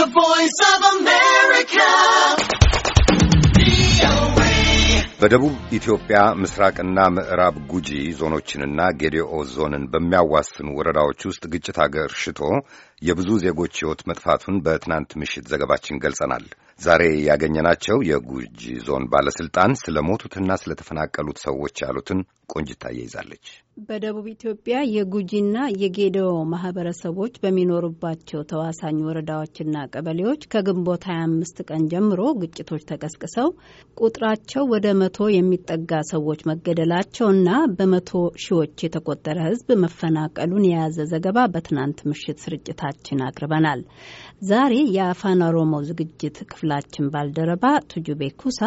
The Voice of America. በደቡብ ኢትዮጵያ ምስራቅና ምዕራብ ጉጂ ዞኖችንና ጌዲኦ ዞንን በሚያዋስኑ ወረዳዎች ውስጥ ግጭት አገርሽቶ የብዙ ዜጎች ሕይወት መጥፋቱን በትናንት ምሽት ዘገባችን ገልጸናል። ዛሬ ያገኘናቸው የጉጂ ዞን ባለስልጣን ስለ ሞቱትና ስለተፈናቀሉት ሰዎች ያሉትን ቆንጅታ ይዛለች። በደቡብ ኢትዮጵያ የጉጂና የጌዴኦ ማህበረሰቦች በሚኖሩባቸው ተዋሳኝ ወረዳዎችና ቀበሌዎች ከግንቦት 25 ቀን ጀምሮ ግጭቶች ተቀስቅሰው ቁጥራቸው ወደ መቶ የሚጠጋ ሰዎች መገደላቸውና በመቶ ሺዎች የተቆጠረ ህዝብ መፈናቀሉን የያዘ ዘገባ በትናንት ምሽት ስርጭታ ለአድማጮቻችን አቅርበናል። ዛሬ የአፋን ኦሮሞ ዝግጅት ክፍላችን ባልደረባ ቱጁቤ ኩሳ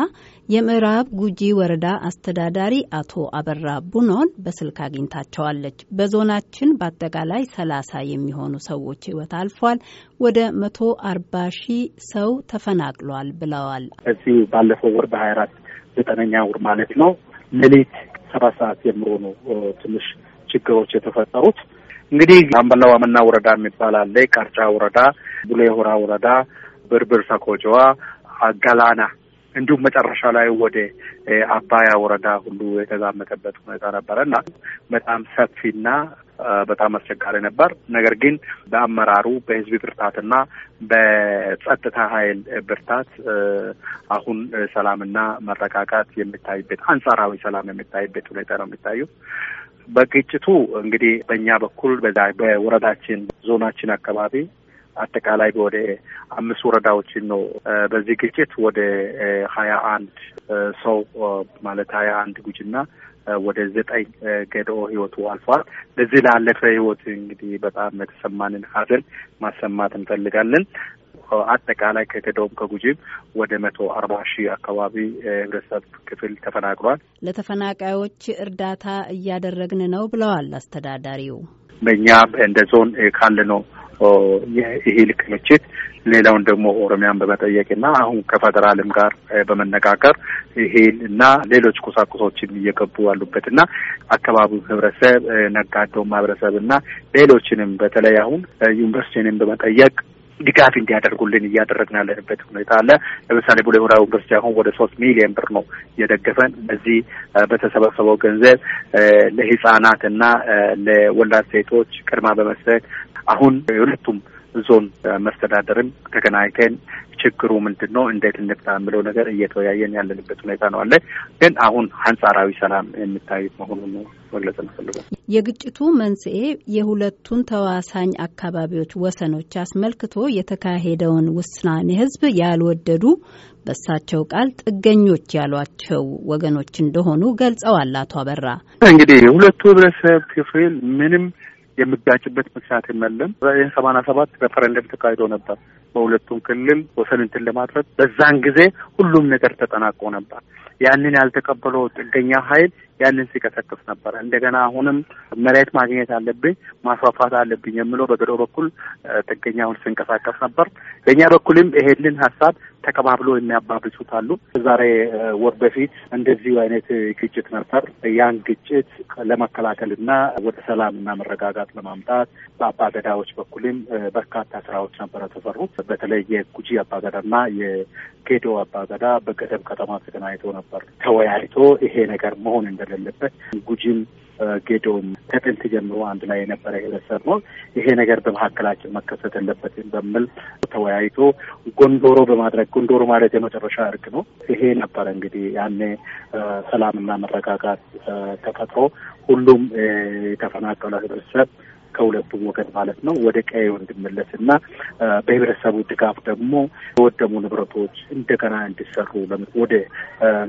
የምዕራብ ጉጂ ወረዳ አስተዳዳሪ አቶ አበራ ቡኖን በስልክ አግኝታቸዋለች። በዞናችን በአጠቃላይ ሰላሳ የሚሆኑ ሰዎች ሕይወት አልፏል፣ ወደ መቶ አርባ ሺህ ሰው ተፈናቅሏል ብለዋል። እዚህ ባለፈው ወር በሀያ አራት ዘጠነኛ ወር ማለት ነው ሌሊት ሰባት ሰዓት ጀምሮ ነው ትንሽ ችግሮች የተፈጠሩት። እንግዲህ አምበላ ዋመና ወረዳ የሚባል አለ፣ ቃርጫ ወረዳ፣ ቡሌሆራ ወረዳ፣ ብርብር ሰኮጆዋ፣ ገላና እንዲሁም መጨረሻ ላይ ወደ አባያ ወረዳ ሁሉ የተዛመተበት ሁኔታ ነበረ እና በጣም ሰፊና በጣም አስቸጋሪ ነበር። ነገር ግን በአመራሩ በህዝብ ብርታትና በጸጥታ ኃይል ብርታት አሁን ሰላምና መረጋጋት የሚታይበት አንጻራዊ ሰላም የሚታይበት ሁኔታ ነው የሚታዩ በግጭቱ እንግዲህ በእኛ በኩል በወረዳችን ዞናችን አካባቢ አጠቃላይ ወደ አምስት ወረዳዎችን ነው በዚህ ግጭት ወደ ሀያ አንድ ሰው ማለት ሀያ አንድ ጉጅና ወደ ዘጠኝ ገድኦ ህይወቱ አልፏል። ለዚህ ላለፈ ህይወት እንግዲህ በጣም የተሰማንን ሀዘን ማሰማት እንፈልጋለን። አጠቃላይ ከገደውም ከጉጂም ወደ መቶ አርባ ሺህ አካባቢ ህብረተሰብ ክፍል ተፈናቅሏል። ለተፈናቃዮች እርዳታ እያደረግን ነው ብለዋል አስተዳዳሪው። በእኛ እንደ ዞን ካለ ነው ይሄ ልክ ክምችት ሌላውን ደግሞ ኦሮሚያን በመጠየቅ ና አሁን ከፈደራልም ጋር በመነጋገር ይሄን እና ሌሎች ቁሳቁሶችን እየገቡ ያሉበት እና አካባቢው ህብረተሰብ፣ ነጋዴው ማህበረሰብ እና ሌሎችንም በተለይ አሁን ዩኒቨርሲቲንም በመጠየቅ ድጋፍ እንዲያደርጉልን እያደረግን ያለንበት ሁኔታ አለ። ለምሳሌ ቡሌ ሆራ ዩኒቨርሲቲ አሁን ወደ ሶስት ሚሊዮን ብር ነው እየደገፈን። በዚህ በተሰበሰበው ገንዘብ ለህጻናት እና ለወላድ ሴቶች ቅድማ በመስጠት አሁን የሁለቱም ዞን መስተዳደርም ተገናኝተን ችግሩ ምንድን ነው እንዴት እንፍታ የምለው ነገር እየተወያየን ያለንበት ሁኔታ ነው አለ። ግን አሁን አንጻራዊ ሰላም የሚታዩት መሆኑን መግለጽ እንፈልጋል። የግጭቱ መንስኤ የሁለቱን ተዋሳኝ አካባቢዎች ወሰኖች አስመልክቶ የተካሄደውን ውሳኔ ህዝብ ያልወደዱ በሳቸው ቃል ጥገኞች ያሏቸው ወገኖች እንደሆኑ ገልጸዋል። አቶ አበራ እንግዲህ የሁለቱ ህብረተሰብ ክፍል ምንም የምጋጭበት ምክንያት የለም። ይህ ሰማንያ ሰባት ሬፈረንደም ተካሂዶ ነበር በሁለቱም ክልል ወሰን እንትን ለማድረግ በዛን ጊዜ ሁሉም ነገር ተጠናቆ ነበር። ያንን ያልተቀበለው ጥገኛ ኃይል ያንን ሲቀሰቅስ ነበር። እንደገና አሁንም መሬት ማግኘት አለብኝ ማስፋፋት አለብኝ የምለው በገዶ በኩል ጥገኛውን ሲንቀሳቀስ ነበር። በእኛ በኩልም ይሄንን ሀሳብ ተቀባብሎ የሚያባብሱት አሉ። ዛሬ ወር በፊት እንደዚሁ አይነት ግጭት ነበር። ያን ግጭት ለመከላከልና ወደ ሰላምና መረጋጋት ለማምጣት በአባገዳዎች በኩልም በርካታ ስራዎች ነበረ ተሰሩት። በተለይ የጉጂ አባገዳና የጌዶ አባገዳ በገደብ ከተማ ተገናኝቶ ነበር ተወያይቶ ይሄ ነገር መሆን እንደሌለበት ጉጂም ጌዶም ከጥንት ጀምሮ አንድ ላይ የነበረ ህብረተሰብ ነው። ይሄ ነገር በመካከላችን መከሰት የለበትም በሚል ተወያይቶ ጎንዶሮ በማድረግ ጎንዶሮ ማለት የመጨረሻ እርቅ ነው። ይሄ ነበረ እንግዲህ ያኔ ሰላምና መረጋጋት ተፈጥሮ ሁሉም የተፈናቀለ ህብረተሰብ ከሁለቱም ወገን ማለት ነው ወደ ቀዬው እንድመለስ እና በህብረተሰቡ ድጋፍ ደግሞ የወደሙ ንብረቶች እንደገና እንዲሰሩ ወደ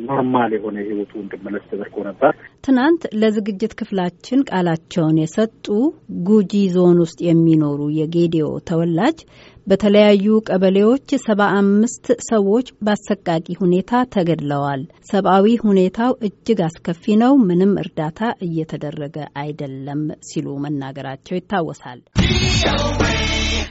ኖርማል የሆነ ህይወቱ እንድመለስ ተደርጎ ነበር። ትናንት ለዝግጅት ክፍላችን ቃላቸውን የሰጡ ጉጂ ዞን ውስጥ የሚኖሩ የጌዲዮ ተወላጅ በተለያዩ ቀበሌዎች ሰባ አምስት ሰዎች በአሰቃቂ ሁኔታ ተገድለዋል። ሰብአዊ ሁኔታው እጅግ አስከፊ ነው፣ ምንም እርዳታ እየተደረገ አይደለም ሲሉ መናገራቸው ይታወሳል።